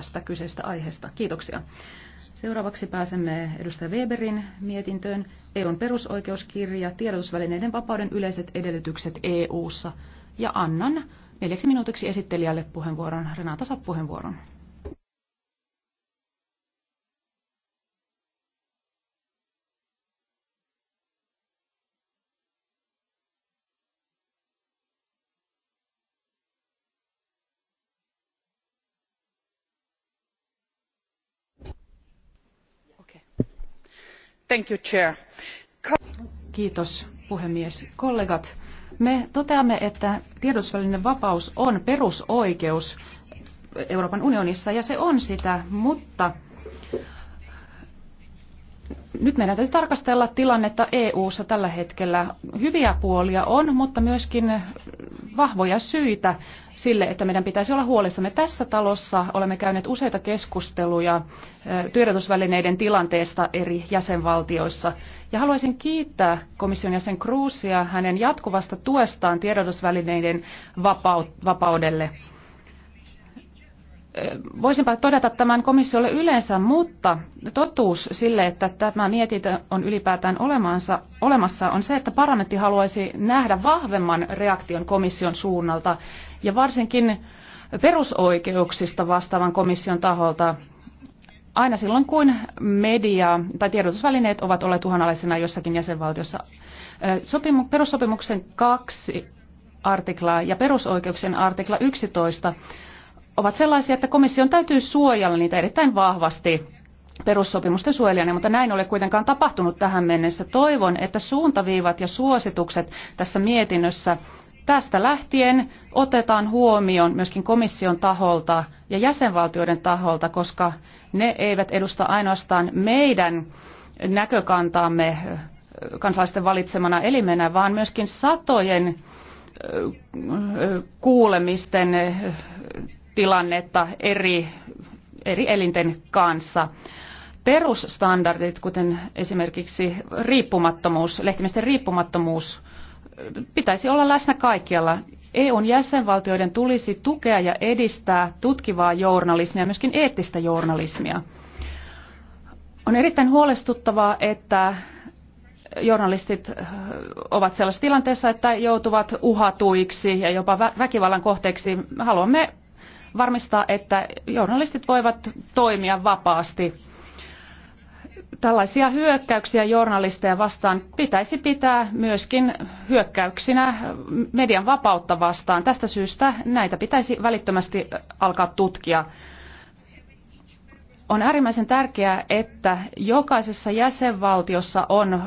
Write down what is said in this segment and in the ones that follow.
tästä kyseisestä aiheesta. Kiitoksia. Seuraavaksi pääsemme edustaja Weberin mietintöön EUn perusoikeuskirja, tiedotusvälineiden vapauden yleiset edellytykset EU:ssa ja annan neljäksi minuutiksi esittelijälle puheenvuoron. Renata, saat puheenvuoron. arvoisa Kiitos puhemies. Kollegat, me toteamme, että tiedotusvälinevapaus on perusoikeus Euroopan unionissa ja se on sitä, mutta nyt meidän täytyy tarkastella tilannetta EU-ssa tällä hetkellä. Hyviä puolia on, mutta myöskin vahvoja syitä sille, että meidän pitäisi olla huolissamme. Tässä talossa olemme käyneet useita keskusteluja tiedotusvälineiden tilanteesta eri jäsenvaltioissa. Ja haluaisin kiittää komission jäsen Kruusia hänen jatkuvasta tuestaan tiedotusvälineiden vapaudelle voisinpa todeta tämän komissiolle yleensä, mutta totuus sille, että tämä mietintö on ylipäätään olemansa, olemassa, on se, että parlamentti haluaisi nähdä vahvemman reaktion komission suunnalta ja varsinkin perusoikeuksista vastaavan komission taholta aina silloin, kun media tai tiedotusvälineet ovat olleet uhanalaisena jossakin jäsenvaltiossa. Sopimu, perussopimuksen kaksi artiklaa ja perusoikeuksien artikla 11 ovat sellaisia, että komission täytyy suojella niitä erittäin vahvasti perussopimusten suojelijana, mutta näin ole kuitenkaan tapahtunut tähän mennessä. Toivon, että suuntaviivat ja suositukset tässä mietinnössä tästä lähtien otetaan huomioon myöskin komission taholta ja jäsenvaltioiden taholta, koska ne eivät edusta ainoastaan meidän näkökantaamme äh, kansalaisten valitsemana elimenä, vaan myöskin satojen äh, kuulemisten äh, tilannetta eri, eri elinten kanssa. Perusstandardit, kuten esimerkiksi riippumattomuus, lehtimisten riippumattomuus, pitäisi olla läsnä kaikkialla. EUn jäsenvaltioiden tulisi tukea ja edistää tutkivaa journalismia, myöskin eettistä journalismia. On erittäin huolestuttavaa, että journalistit äh, ovat sellaisessa tilanteessa, että joutuvat uhatuiksi ja jopa väkivallan kohteeksi. Haluamme varmistaa, että journalistit voivat toimia vapaasti. Tällaisia hyökkäyksiä journalisteja vastaan pitäisi pitää myöskin hyökkäyksinä median vapautta vastaan. Tästä syystä näitä pitäisi välittömästi alkaa tutkia on äärimmäisen tärkeää, että jokaisessa jäsenvaltiossa on,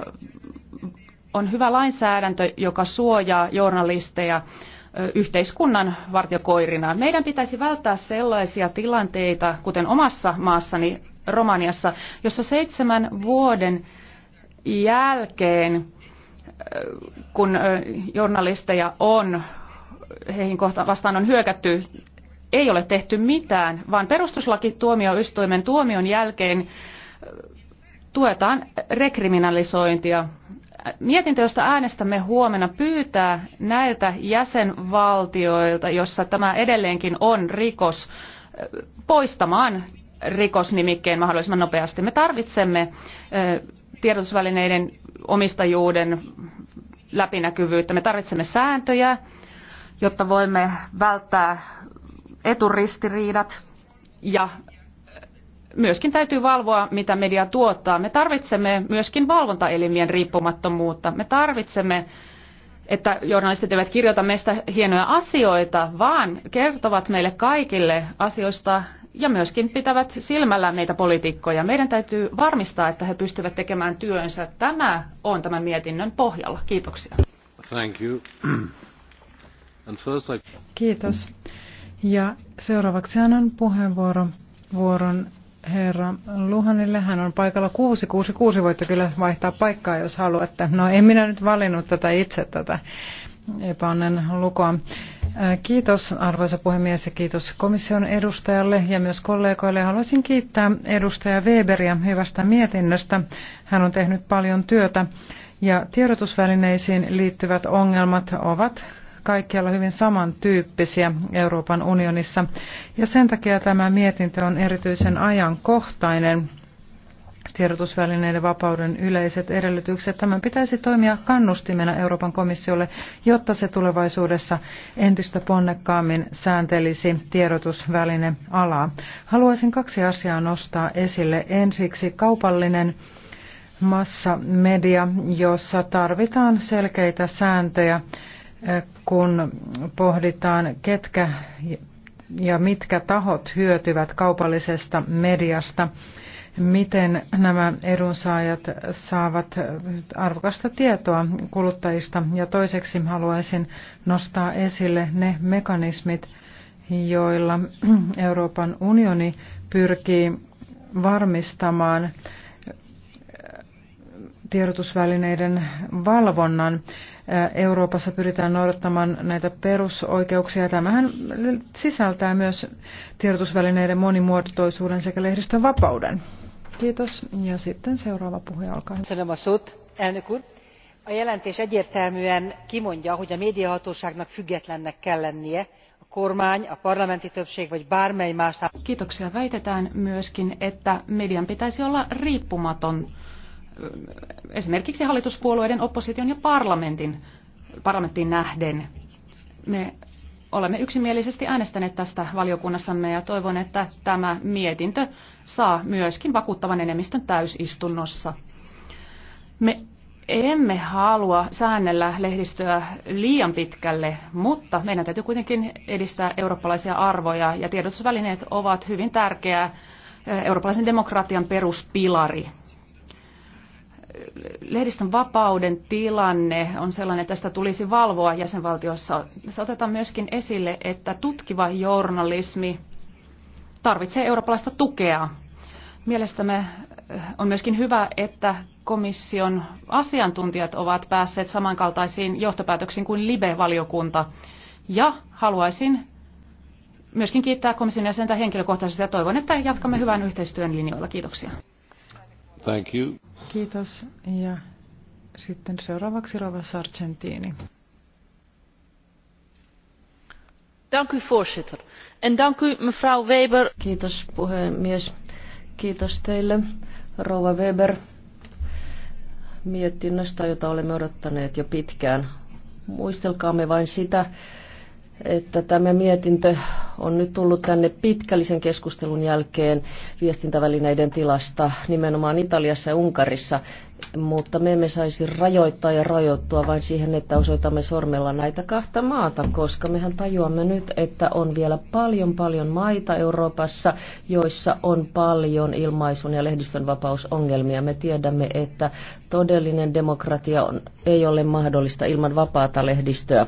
on hyvä lainsäädäntö, joka suojaa journalisteja yhteiskunnan vartiokoirina. Meidän pitäisi välttää sellaisia tilanteita, kuten omassa maassani Romaniassa, jossa seitsemän vuoden jälkeen, kun journalisteja on, heihin kohtaan vastaan on hyökätty, ei ole tehty mitään, vaan perustuslakituomioistuimen tuomion jälkeen tuetaan rekriminalisointia Mietintö, josta äänestämme huomenna, pyytää näiltä jäsenvaltioilta, jossa tämä edelleenkin on rikos, poistamaan rikosnimikkeen mahdollisimman nopeasti. Me tarvitsemme tiedotusvälineiden omistajuuden läpinäkyvyyttä. Me tarvitsemme sääntöjä, jotta voimme välttää eturistiriidat ja myöskin täytyy valvoa, mitä media tuottaa. Me tarvitsemme myöskin valvontaelimien riippumattomuutta. Me tarvitsemme, että journalistit eivät kirjoita meistä hienoja asioita, vaan kertovat meille kaikille asioista ja myöskin pitävät silmällä meitä poliitikkoja. Meidän täytyy varmistaa, että he pystyvät tekemään työnsä. Tämä on tämän mietinnön pohjalla. Kiitoksia. Thank you. And first I... Kiitos. Ja seuraavaksi annan puheenvuoron vuoron herra Luhanille. Hän on paikalla 666. Voitte kyllä vaihtaa paikkaa, jos haluatte. No en minä nyt valinnut tätä itse tätä epäonnen lukua. Äh, kiitos arvoisa puhemies ja kiitos komission edustajalle ja myös kollegoille. Haluaisin kiittää edustaja Weberia hyvästä mietinnöstä. Hän on tehnyt paljon työtä ja tiedotusvälineisiin liittyvät ongelmat ovat kaikkialla hyvin samantyyppisiä Euroopan unionissa. Ja sen takia tämä mietintö on erityisen ajankohtainen tiedotusvälineiden vapauden yleiset edellytykset. Tämän pitäisi toimia kannustimena Euroopan komissiolle, jotta se tulevaisuudessa entistä ponnekkaammin sääntelisi tiedotusvälinealaa. Haluaisin kaksi asiaa nostaa esille. Ensiksi kaupallinen massamedia, jossa tarvitaan selkeitä sääntöjä kun pohditaan, ketkä ja mitkä tahot hyötyvät kaupallisesta mediasta, miten nämä edunsaajat saavat arvokasta tietoa kuluttajista. Ja toiseksi haluaisin nostaa esille ne mekanismit, joilla Euroopan unioni pyrkii varmistamaan tiedotusvälineiden valvonnan Euroopassa pyritään noudattamaan näitä perusoikeuksia. Tämähän sisältää myös tiedotusvälineiden monimuotoisuuden sekä lehdistön vapauden. Kiitos. Ja sitten seuraava puhuja, alkaa. hyvä. Sanom a A jelentés egyértelműen kimondja, hogy a médiahatóságnak függetlennek kell lennie, a kormány, a parlamenti többség vagy bármely más... Kiitoksia. Väitetään myöskin, että median pitäisi olla riippumaton esimerkiksi hallituspuolueiden, opposition ja parlamentin, parlamenttiin nähden. Me olemme yksimielisesti äänestäneet tästä valiokunnassamme ja toivon, että tämä mietintö saa myöskin vakuuttavan enemmistön täysistunnossa. Me emme halua säännellä lehdistöä liian pitkälle, mutta meidän täytyy kuitenkin edistää eurooppalaisia arvoja ja tiedotusvälineet ovat hyvin tärkeä eh, eurooppalaisen demokratian peruspilari lehdistön vapauden tilanne on sellainen, että tästä tulisi valvoa jäsenvaltiossa. Se otetaan myöskin esille, että tutkiva journalismi tarvitsee eurooppalaista tukea. Mielestämme eh, on myöskin hyvä, että komission asiantuntijat ovat päässeet samankaltaisiin johtopäätöksiin kuin LIBE-valiokunta. Ja haluaisin myöskin kiittää komission jäsentä henkilökohtaisesti ja toivon, että jatkamme hyvän yhteistyön linjoilla. Kiitoksia. Thank you. Kiitos. Ja sitten seuraavaksi Rova Sargentini. Dank u voorzitter. En dank u mevrouw Weber. Kiitos puhemies. Kiitos teille Rova Weber mietinnöstä, jota olemme odottaneet jo pitkään. Muistelkaamme vain sitä, että tämä mietintö on nyt tullut tänne pitkällisen keskustelun jälkeen viestintävälineiden tilasta nimenomaan Italiassa ja Unkarissa, mutta me emme saisi rajoittaa ja rajoittua vain siihen, että osoitamme sormella näitä kahta maata, koska mehän tajuamme nyt, että on vielä paljon paljon maita Euroopassa, joissa on paljon ilmaisun ja lehdistönvapausongelmia. Me tiedämme, että todellinen demokratia on, ei ole mahdollista ilman vapaata lehdistöä.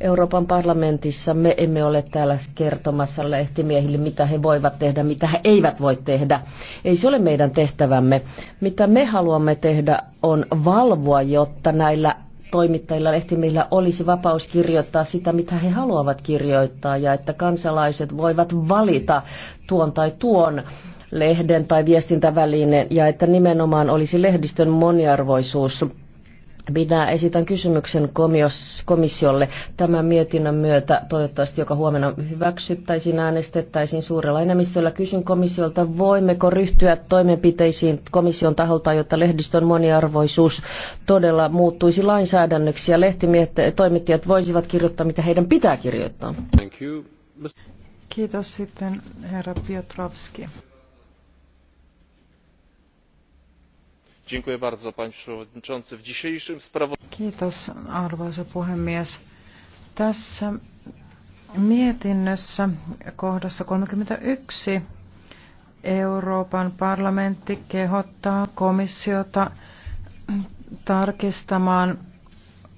Euroopan parlamentissa me emme ole täällä kertoneet, kertomassa lehtimiehille, mitä he voivat tehdä, mitä he eivät voi tehdä. Ei se ole meidän tehtävämme. Mitä me haluamme tehdä on valvoa, jotta näillä toimittajilla, lehtimiehillä olisi vapaus kirjoittaa sitä, mitä he haluavat kirjoittaa ja että kansalaiset voivat valita tuon tai tuon lehden tai viestintävälineen ja että nimenomaan olisi lehdistön moniarvoisuus minä esitän kysymyksen komissiolle tämän mietinnön myötä, toivottavasti joka huomenna hyväksyttäisiin, äänestettäisiin suurella enemmistöllä. Kysyn komissiolta, voimmeko ryhtyä toimenpiteisiin komission taholta, jotta lehdistön moniarvoisuus todella muuttuisi lainsäädännöksi ja toimittajat voisivat kirjoittaa, mitä heidän pitää kirjoittaa. Kiitos sitten herra Piotrowski. Kiitos, arvoisa puhemies. Tässä mietinnössä kohdassa kolmekymmentäyksi Euroopan parlamentti kehottaa komissiota tarkistamaan,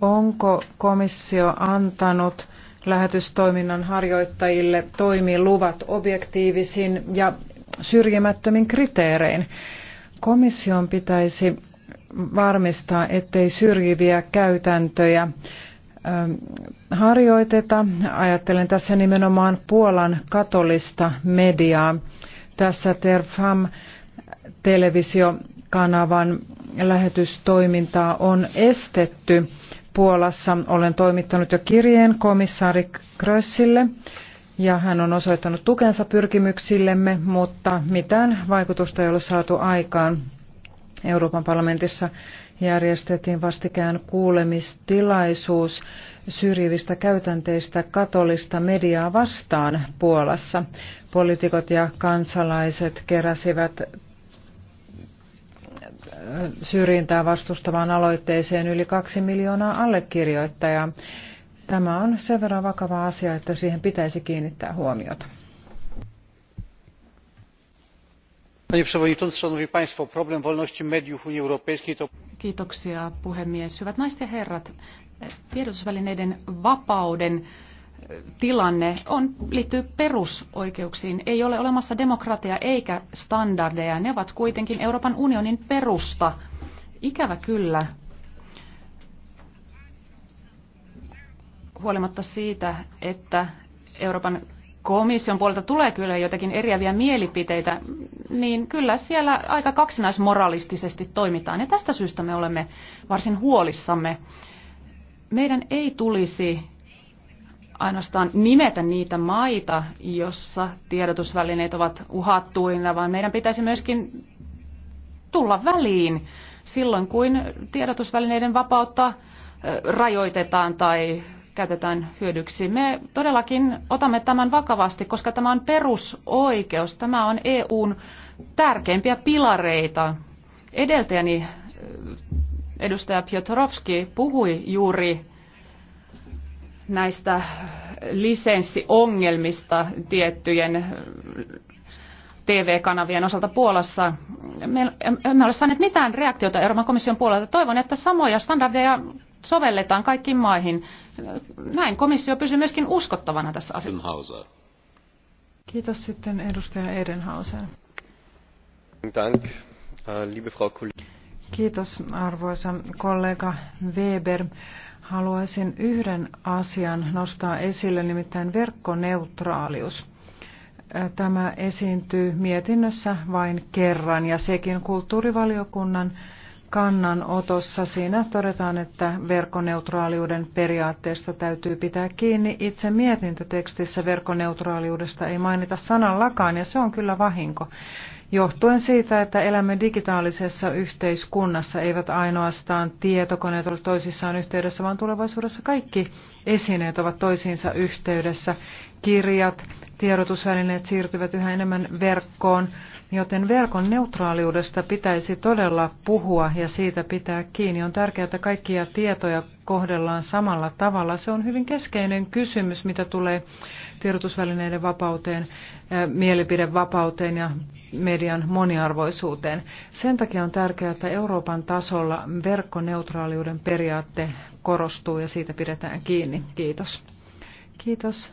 onko komissio antanut lähetystoiminnan harjoittajille toimiluvat objektiivisin ja syrjimättömin kriteerein. Komission pitäisi varmistaa, ettei syrjiviä käytäntöjä ähm, harjoiteta. Ajattelen tässä nimenomaan Puolan katolista mediaa. Tässä Terfam televisiokanavan lähetystoimintaa on estetty Puolassa. Olen toimittanut jo kirjeen komissaari Krössille ja hän on osoittanut tukensa pyrkimyksillemme, mutta mitään vaikutusta ei ole saatu aikaan. Euroopan parlamentissa järjestettiin vastikään kuulemistilaisuus syrjivistä käytänteistä katolista mediaa vastaan Puolassa. Poliitikot ja kansalaiset keräsivät äh, syrjintää vastustavaan aloitteeseen yli kaksi miljoonaa allekirjoittajaa. Tämä on sen verran vakava asia, että siihen pitäisi kiinnittää huomiota. Panie przewodniczący, szanowni państwo, problem wolności mediów Unii Europejskiej to... Kiitoksia puhemies. Hyvät naiset ja herrat, tiedotusvälineiden vapauden e, tilanne on, liittyy perusoikeuksiin. Ei ole olemassa demokratia eikä standardeja. Ne ovat kuitenkin Euroopan unionin perusta. Ikävä kyllä huolimatta siitä, että Euroopan komission puolelta tulee kyllä jotakin eriäviä mielipiteitä, niin kyllä siellä aika kaksinaismoralistisesti toimitaan. Ja tästä syystä me olemme varsin huolissamme. Meidän ei tulisi ainoastaan nimetä niitä maita, jossa tiedotusvälineet ovat uhattuina, vaan meidän pitäisi myöskin tulla väliin silloin, kun tiedotusvälineiden vapautta rajoitetaan tai käytetään hyödyksi. Me todellakin otamme tämän vakavasti, koska tämä on perusoikeus. Tämä on EUn tärkeimpiä pilareita. Edeltäjäni eh, edustaja Piotrowski puhui juuri näistä lisenssiongelmista tiettyjen eh, TV-kanavien osalta Puolassa. Me emme ole saaneet mitään reaktiota Euroopan komission puolelta. Toivon, että samoja standardeja sovelletaan kaikkiin maihin. Näin komissio pysyy myöskin uskottavana tässä asiassa. Kiitos sitten edustaja Edenhauser. Äh, Kiitos arvoisa kollega Weber. Haluaisin yhden asian nostaa esille, nimittäin verkkoneutraalius. Äh, tämä esiintyy mietinnössä vain kerran ja sekin kulttuurivaliokunnan kannanotossa. Siinä todetaan, että verkoneutraaliuden periaatteesta täytyy pitää kiinni. Itse mietintötekstissä verkoneutraaliudesta ei mainita sanallakaan, ja se on kyllä vahinko. Johtuen siitä, että elämme digitaalisessa yhteiskunnassa, eivät ainoastaan tietokoneet ole toisissaan yhteydessä, vaan tulevaisuudessa kaikki esineet ovat toisiinsa yhteydessä. Kirjat, tiedotusvälineet siirtyvät yhä enemmän verkkoon, joten verkon neutraaliudesta pitäisi todella puhua ja siitä pitää kiinni. On tärkeää, että kaikkia tietoja kohdellaan samalla tavalla. Se on hyvin keskeinen kysymys, mitä tulee tiedotusvälineiden vapauteen, eh, mielipidevapauteen ja median moniarvoisuuteen. Sen takia on tärkeää, että Euroopan tasolla verkkoneutraaliuden periaatte korostuu ja siitä pidetään kiinni. Kiitos. Kiitos.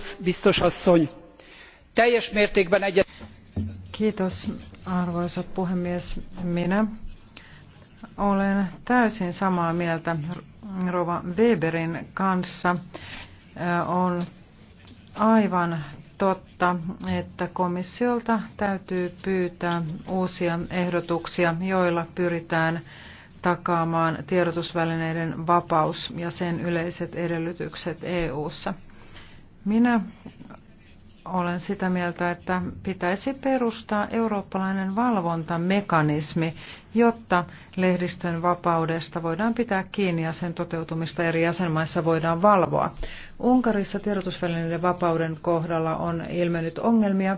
kroes biztos asszony teljes mértékben minä olen täysin samaa mieltä Weberin kanssa. On aivan totta, että komissiolta täytyy pyytää uusia ehdotuksia, joilla pyritään takaamaan tiedotusvälineiden vapaus ja sen yleiset edellytykset EU:ssa. Minä olen sitä mieltä, että pitäisi perustaa eurooppalainen valvontamekanismi, jotta lehdistön vapaudesta voidaan pitää kiinni ja sen toteutumista eri jäsenmaissa voidaan valvoa. Unkarissa tiedotusvälineiden vapauden kohdalla on ilmennyt ongelmia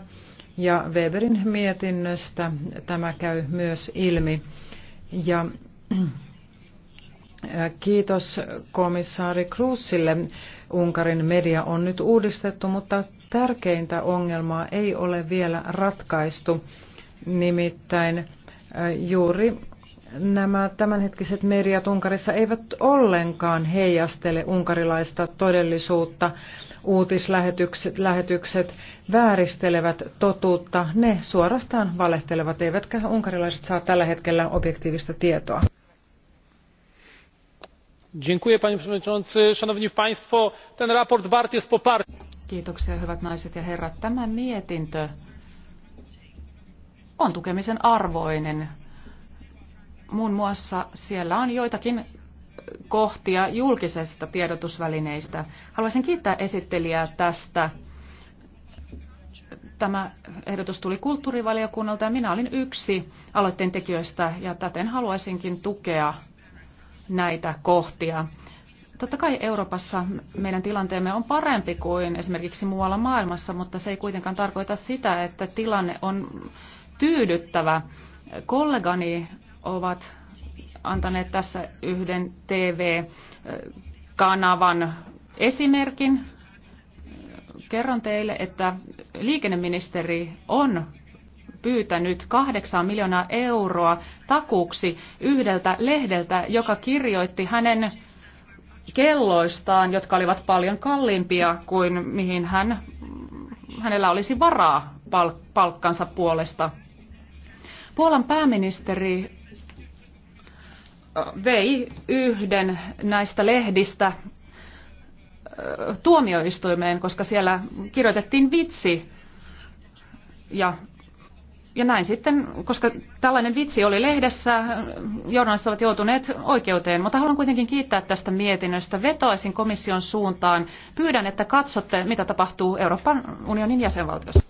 ja Weberin mietinnöstä tämä käy myös ilmi. Ja Kiitos komissaari Kruusille. Unkarin media on nyt uudistettu, mutta tärkeintä ongelmaa ei ole vielä ratkaistu. Nimittäin juuri nämä tämänhetkiset mediat Unkarissa eivät ollenkaan heijastele unkarilaista todellisuutta. Uutislähetykset lähetykset vääristelevät totuutta. Ne suorastaan valehtelevat, eivätkä unkarilaiset saa tällä hetkellä objektiivista tietoa panie przewodniczący! szanowni państwo! to sprawozdanie warte jest poparcia. kiitoksia hyvät naiset ja herrat tämä mietintö on tukemisen arvoinen. muun muassa siellä on joitakin kohtia julkisesta tiedotusvälineistä. haluaisin kiittää esittelijää tästä. Tämä ehdotus tuli kulttuurivaliokunnalta ja minä olin yksi aloitteen tekijöistä ja täten haluaisinkin tukea näitä kohtia. Totta kai Euroopassa meidän tilanteemme on parempi kuin esimerkiksi muualla maailmassa, mutta se ei kuitenkaan tarkoita sitä, että tilanne on tyydyttävä. Kollegani ovat antaneet tässä yhden TV-kanavan esimerkin. Kerron teille, että liikenneministeri on pyytänyt 8 miljoonaa euroa takuuksi yhdeltä lehdeltä, joka kirjoitti hänen kelloistaan, jotka olivat paljon kalliimpia kuin mihin hän, hänellä olisi varaa palkkansa puolesta. Puolan pääministeri vei yhden näistä lehdistä tuomioistuimeen, koska siellä kirjoitettiin vitsi ja ja näin sitten, koska tällainen vitsi oli lehdessä, journalistit ovat joutuneet oikeuteen, mutta haluan kuitenkin kiittää tästä mietinnöstä. Vetoaisin komission suuntaan. Pyydän, että katsotte, mitä tapahtuu Euroopan unionin jäsenvaltiossa.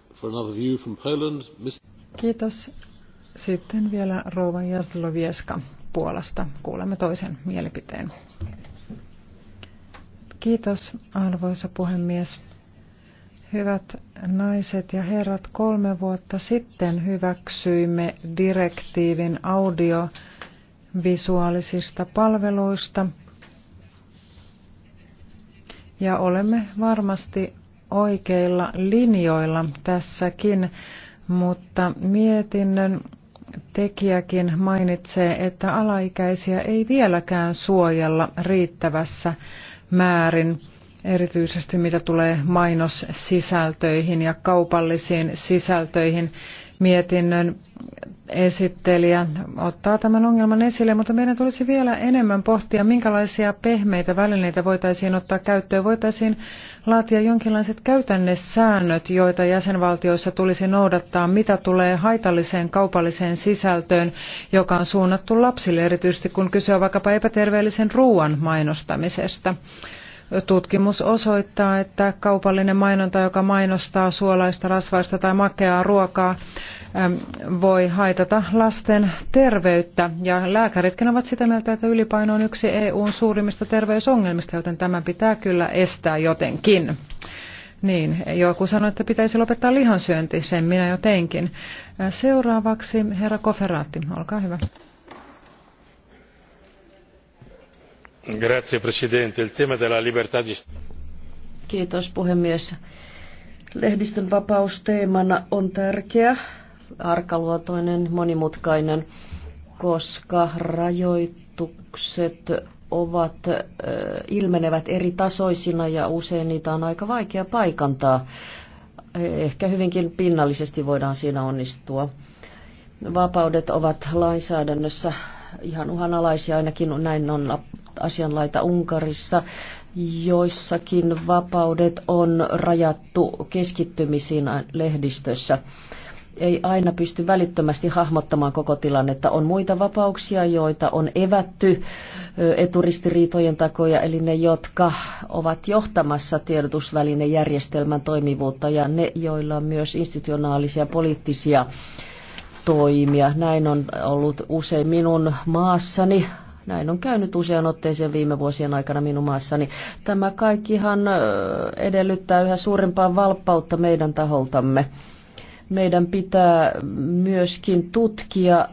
Kiitos. Sitten vielä Rouva Jaslovieska Puolasta. Kuulemme toisen mielipiteen. Kiitos, arvoisa puhemies. Hyvät naiset ja herrat, kolme vuotta sitten hyväksyimme direktiivin audiovisuaalisista palveluista. Ja olemme varmasti oikeilla linjoilla tässäkin, mutta mietinnön tekijäkin mainitsee, että alaikäisiä ei vieläkään suojella riittävässä määrin erityisesti mitä tulee mainossisältöihin ja kaupallisiin sisältöihin. Mietinnön esittelijä ottaa tämän ongelman esille, mutta meidän tulisi vielä enemmän pohtia, minkälaisia pehmeitä välineitä voitaisiin ottaa käyttöön. Voitaisiin laatia jonkinlaiset käytännesäännöt, joita jäsenvaltioissa tulisi noudattaa, mitä tulee haitalliseen kaupalliseen sisältöön, joka on suunnattu lapsille, erityisesti kun kyse on vaikkapa epäterveellisen ruoan mainostamisesta. Tutkimus osoittaa, että kaupallinen mainonta, joka mainostaa suolaista, rasvaista tai makeaa ruokaa, voi haitata lasten terveyttä. Ja lääkäritkin ovat sitä mieltä, että ylipaino on yksi EUn suurimmista terveysongelmista, joten tämä pitää kyllä estää jotenkin. Niin, joku sanoi, että pitäisi lopettaa lihansyönti, sen minä jo teinkin. Seuraavaksi herra Koferaatti, olkaa hyvä. Kiitos puhemies. Lehdistön vapaus teemana on tärkeä, arkaluotoinen, monimutkainen, koska rajoitukset ovat, ilmenevät eri tasoisina ja usein niitä on aika vaikea paikantaa. Ehkä hyvinkin pinnallisesti voidaan siinä onnistua. Vapaudet ovat lainsäädännössä ihan uhanalaisia, ainakin näin on asianlaita Unkarissa. Joissakin vapaudet on rajattu keskittymisiin lehdistössä ei aina pysty välittömästi hahmottamaan koko tilannetta. On muita vapauksia, joita on evätty eturistiriitojen takoja, eli ne, jotka ovat johtamassa tiedotusvälinejärjestelmän toimivuutta ja ne, joilla on myös institutionaalisia poliittisia toimia. Näin on ollut usein minun maassani näin on käynyt usean otteeseen viime vuosien aikana minun maassani. Tämä kaikkihan edellyttää yhä suurempaa valppautta meidän taholtamme. Meidän pitää myöskin tutkia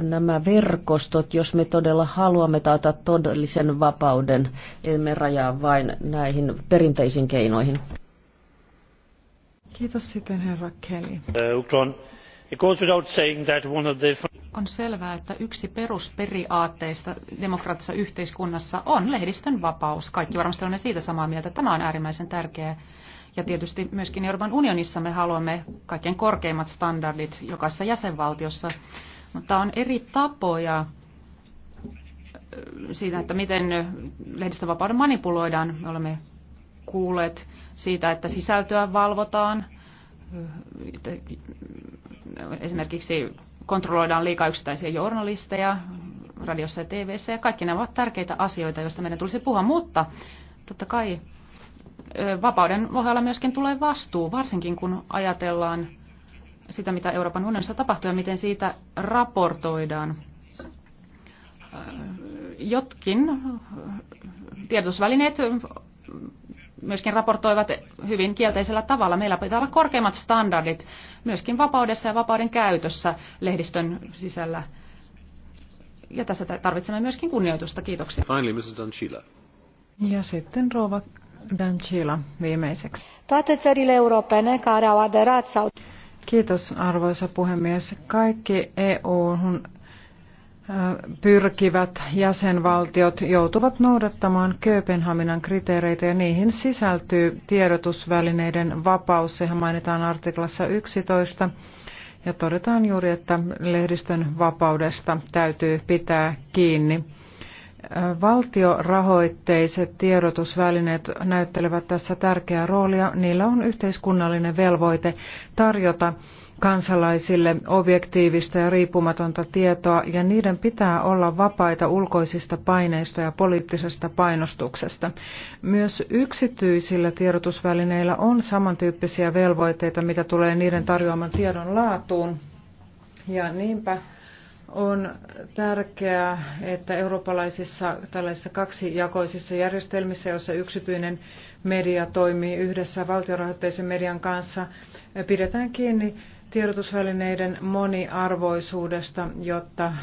nämä verkostot, jos me todella haluamme taata todellisen vapauden. Emme rajaa vain näihin perinteisiin keinoihin. Kiitos sitten herra Kelly. Äh, on selvää, että yksi perusperiaatteista demokraattisessa yhteiskunnassa on lehdistön vapaus. Kaikki varmasti olemme siitä samaa mieltä. Tämä on äärimmäisen tärkeää. Ja tietysti myöskin Euroopan unionissa me haluamme kaiken korkeimmat standardit jokaisessa jäsenvaltiossa. Mutta on eri tapoja siitä, että miten lehdistönvapauden manipuloidaan. Me olemme kuulleet siitä, että sisältöä valvotaan, esimerkiksi kontrolloidaan liikaa yksittäisiä journalisteja radiossa ja TVssä, ja kaikki nämä ovat tärkeitä asioita, joista meidän tulisi puhua, mutta totta kai vapauden ohella myöskin tulee vastuu, varsinkin kun ajatellaan sitä, mitä Euroopan unionissa tapahtuu ja miten siitä raportoidaan. Jotkin tiedotusvälineet myöskin raportoivat hyvin kielteisellä tavalla. Meillä pitää olla korkeimmat standardit myöskin vapaudessa ja vapauden käytössä lehdistön sisällä. Ja tässä tarvitsemme myöskin kunnioitusta. Kiitoksia. Finally, Mrs. Ja sitten rouva Danchila viimeiseksi. Toate țările europene care au aderat sau... Kiitos arvoisa puhemies. Kaikki EU-hun pyrkivät jäsenvaltiot joutuvat noudattamaan Kööpenhaminan kriteereitä ja niihin sisältyy tiedotusvälineiden vapaus. Sehän mainitaan artiklassa 11 ja todetaan juuri, että lehdistön vapaudesta täytyy pitää kiinni. Valtiorahoitteiset tiedotusvälineet näyttelevät tässä tärkeää roolia. Niillä on yhteiskunnallinen velvoite tarjota kansalaisille objektiivista ja riippumatonta tietoa, ja niiden pitää olla vapaita ulkoisista paineista ja poliittisesta painostuksesta. Myös yksityisillä tiedotusvälineillä on samantyyppisiä velvoitteita, mitä tulee niiden tarjoaman tiedon laatuun, ja niinpä on tärkeää, että eurooppalaisissa tällaisissa kaksijakoisissa järjestelmissä, joissa yksityinen media toimii yhdessä valtiorahoitteisen median kanssa, pidetään kiinni tiedotusvälineiden moniarvoisuudesta, jotta äh,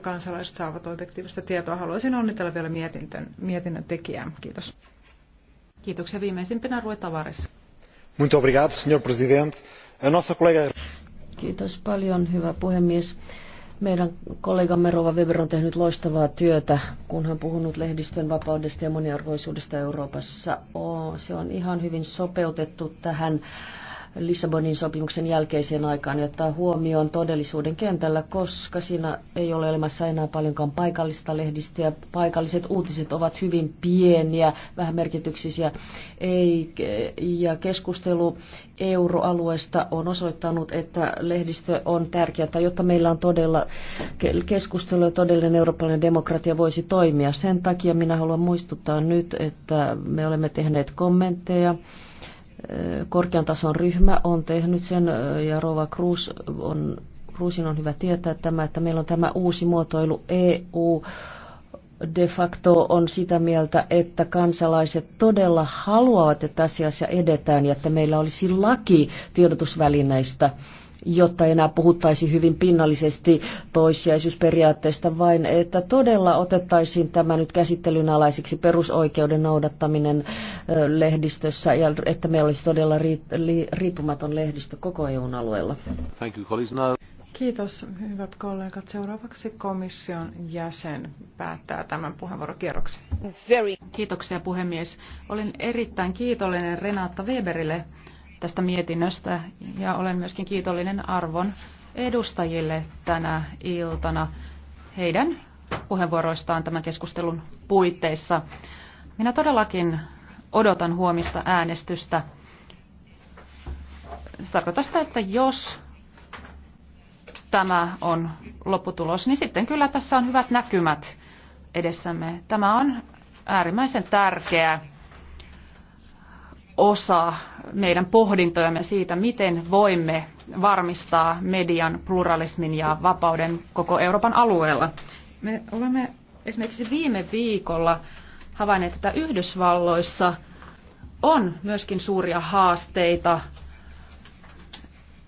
kansalaiset saavat objektiivista tietoa. Haluaisin onnitella vielä mietintön, mietinnön tekijää. Kiitos. Kiitoksia viimeisimpänä Rue Tavares. Muito obrigado, senhor presidente. A nossa colega... Kiitos paljon, hyvä puhemies. Meidän kollegamme Rova Weber on tehnyt loistavaa työtä, kun hän puhunut lehdistön vapaudesta ja moniarvoisuudesta Euroopassa. Oh, se on ihan hyvin sopeutettu tähän Lissabonin sopimuksen jälkeiseen aikaan ja ottaa huomioon todellisuuden kentällä, koska siinä ei ole olemassa enää paljonkaan paikallista lehdistöä. Paikalliset uutiset ovat hyvin pieniä, vähän merkityksisiä. Ei, ja keskustelu euroalueesta on osoittanut, että lehdistö on tärkeää, jotta meillä on todella keskustelu ja todellinen eurooppalainen demokratia voisi toimia. Sen takia minä haluan muistuttaa nyt, että me olemme tehneet kommentteja korkean tason ryhmä on tehnyt sen ja Rova Cruz on, Cruzin on hyvä tietää tämä, että meillä on tämä uusi muotoilu EU de facto on sitä mieltä, että kansalaiset todella haluavat, että asiassa edetään ja että meillä olisi laki tiedotusvälineistä jotta enää puhuttaisi hyvin pinnallisesti toissijaisuusperiaatteesta, vain että todella otettaisiin tämä nyt käsittelyn alaisiksi perusoikeuden noudattaminen lehdistössä ja että meillä olisi todella riippumaton lehdistö koko eu alueella. Thank you, Kiitos, hyvät kollegat. Seuraavaksi komission jäsen päättää tämän puheenvuorokierroksen. Kiitoksia puhemies. Olen erittäin kiitollinen Renata Weberille tästä mietinnöstä ja olen myöskin kiitollinen arvon edustajille tänä iltana heidän puheenvuoroistaan tämän keskustelun puitteissa. Minä todellakin odotan huomista äänestystä. Se tarkoittaa sitä, että jos tämä on lopputulos, niin sitten kyllä tässä on hyvät näkymät edessämme. Tämä on äärimmäisen tärkeää osa meidän pohdintojamme siitä, miten voimme varmistaa median pluralismin ja vapauden koko Euroopan alueella. Me olemme esimerkiksi viime viikolla havainneet, että Yhdysvalloissa on myöskin suuria haasteita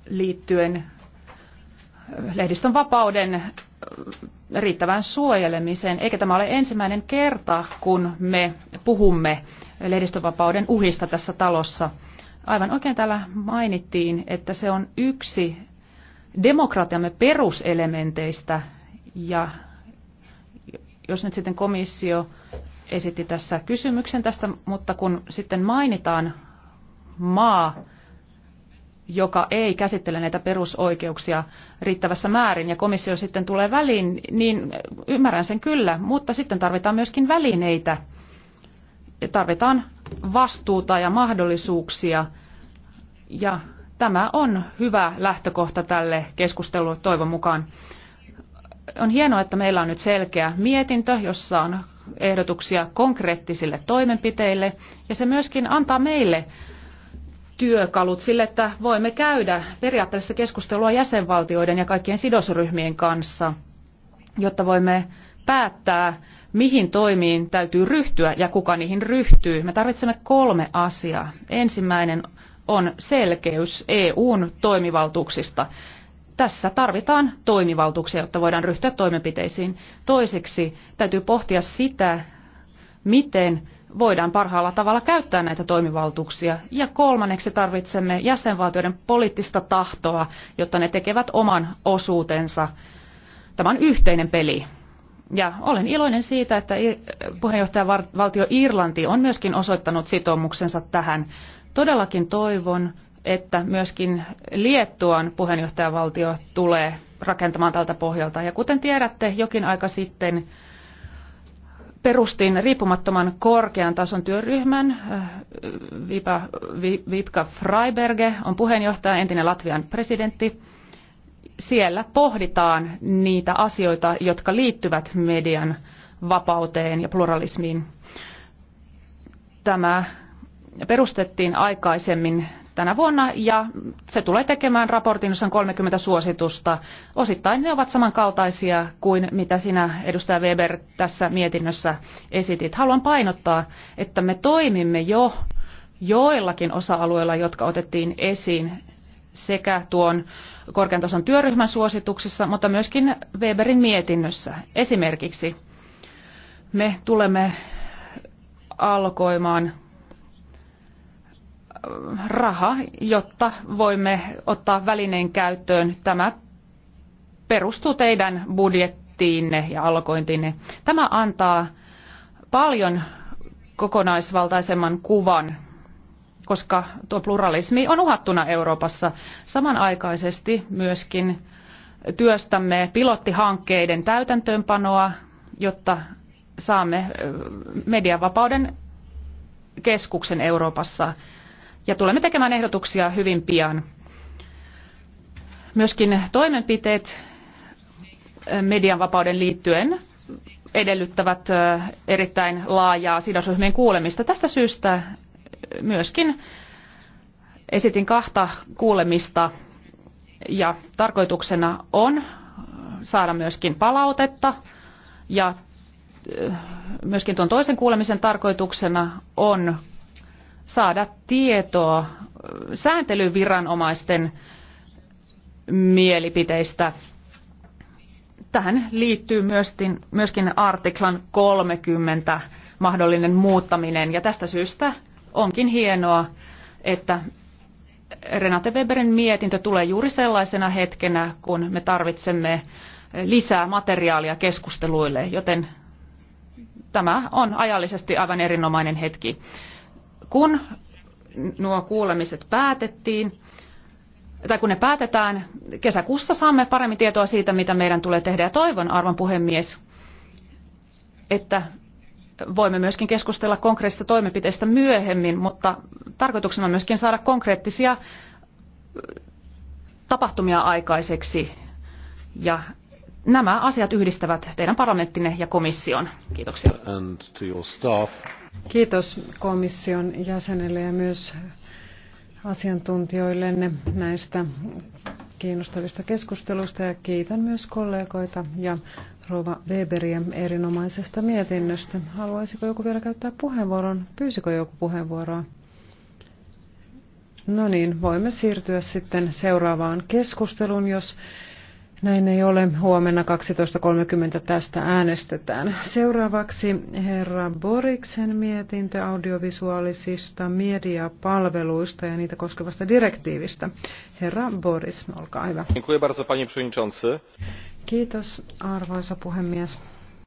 liittyen lehdistön vapauden riittävään suojelemiseen, eikä tämä ole ensimmäinen kerta, kun me puhumme lehdistövapauden uhista tässä talossa. Aivan oikein täällä mainittiin, että se on yksi demokratiamme peruselementeistä ja jos nyt sitten komissio esitti tässä kysymyksen tästä, mutta kun sitten mainitaan maa, joka ei käsittele näitä perusoikeuksia riittävässä määrin ja komissio sitten tulee väliin, niin ymmärrän sen kyllä, mutta sitten tarvitaan myöskin välineitä – tarvitaan vastuuta ja mahdollisuuksia ja tämä on hyvä lähtökohta tälle keskustelulle toivon mukaan. On hienoa, että meillä on nyt selkeä mietintö, jossa on ehdotuksia konkreettisille toimenpiteille ja se myöskin antaa meille työkalut sille, että voimme käydä periaatteellista keskustelua jäsenvaltioiden ja kaikkien sidosryhmien kanssa, jotta voimme päättää mihin toimiin täytyy ryhtyä ja kuka niihin ryhtyy. Me tarvitsemme kolme asiaa. Ensimmäinen on selkeys EUn toimivaltuuksista. Tässä tarvitaan toimivaltuuksia, jotta voidaan ryhtyä toimenpiteisiin. Toiseksi täytyy pohtia sitä, miten voidaan parhaalla tavalla käyttää näitä toimivaltuuksia. Ja kolmanneksi tarvitsemme jäsenvaltioiden poliittista tahtoa, jotta ne tekevät oman osuutensa. Tämä on yhteinen peli. Ja olen iloinen siitä, että puheenjohtajavaltio Irlanti on myöskin osoittanut sitoumuksensa tähän. Todellakin toivon, että myöskin Liettuan puheenjohtajavaltio tulee rakentamaan tältä pohjalta. Ja kuten tiedätte, jokin aika sitten perustin riippumattoman korkean tason työryhmän. Äh, Vipka Freiberge on puheenjohtaja, entinen Latvian presidentti siellä pohditaan niitä asioita, jotka liittyvät median vapauteen ja pluralismiin. Tämä perustettiin aikaisemmin tänä vuonna ja se tulee tekemään raportin, jossa on 30 suositusta. Osittain ne ovat samankaltaisia kuin mitä sinä, edustaja Weber, tässä mietinnössä esitit. Haluan painottaa, että me toimimme jo joillakin osa-alueilla, jotka otettiin esiin sekä tuon korkean tason työryhmän suosituksissa, mutta myöskin Weberin mietinnössä. Esimerkiksi me tulemme alkoimaan äh, raha, jotta voimme ottaa välineen käyttöön. Tämä perustuu teidän budjettiinne ja alkointiinne. Tämä antaa paljon kokonaisvaltaisemman kuvan koska tuo pluralismi on uhattuna Euroopassa. Samanaikaisesti myöskin työstämme pilottihankkeiden täytäntöönpanoa, jotta saamme medianvapauden keskuksen Euroopassa. Ja tulemme tekemään ehdotuksia hyvin pian. Myöskin toimenpiteet medianvapauden liittyen edellyttävät erittäin laajaa sidosryhmien kuulemista. Tästä syystä myöskin esitin kahta kuulemista ja tarkoituksena on saada myöskin palautetta ja äh, myöskin tuon toisen kuulemisen tarkoituksena on saada tietoa äh, sääntelyviranomaisten mielipiteistä. Tähän liittyy myöskin, myöskin artiklan 30 mahdollinen muuttaminen ja tästä syystä Onkin hienoa, että Renate Weberin mietintö tulee juuri sellaisena hetkenä, kun me tarvitsemme lisää materiaalia keskusteluille, joten tämä on ajallisesti aivan erinomainen hetki. Kun nuo kuulemiset päätettiin, tai kun ne päätetään, kesäkuussa saamme paremmin tietoa siitä, mitä meidän tulee tehdä. Ja toivon, arvon puhemies, että voimme myöskin keskustella konkreettisista toimenpiteistä myöhemmin, mutta tarkoituksena on myöskin saada konkreettisia tapahtumia aikaiseksi. Ja nämä asiat yhdistävät teidän parlamenttinne ja komission. Kiitoksia. Kiitos komission jäsenelle ja myös asiantuntijoillenne näistä kiinnostavista keskusteluista ja kiitän myös kollegoita ja Rova Weberia erinomaisesta mietinnöstä. Haluaisiko joku vielä käyttää puheenvuoron? Pyysikö joku puheenvuoroa? No niin, voimme siirtyä sitten seuraavaan keskusteluun, jos näin ei ole. Huomenna 12.30 tästä äänestetään. Seuraavaksi herra Boriksen mietintö audiovisuaalisista mediapalveluista ja niitä koskevasta direktiivistä. Herra Boris, olkaa hyvä. Kiitos, arvoisa puhemies.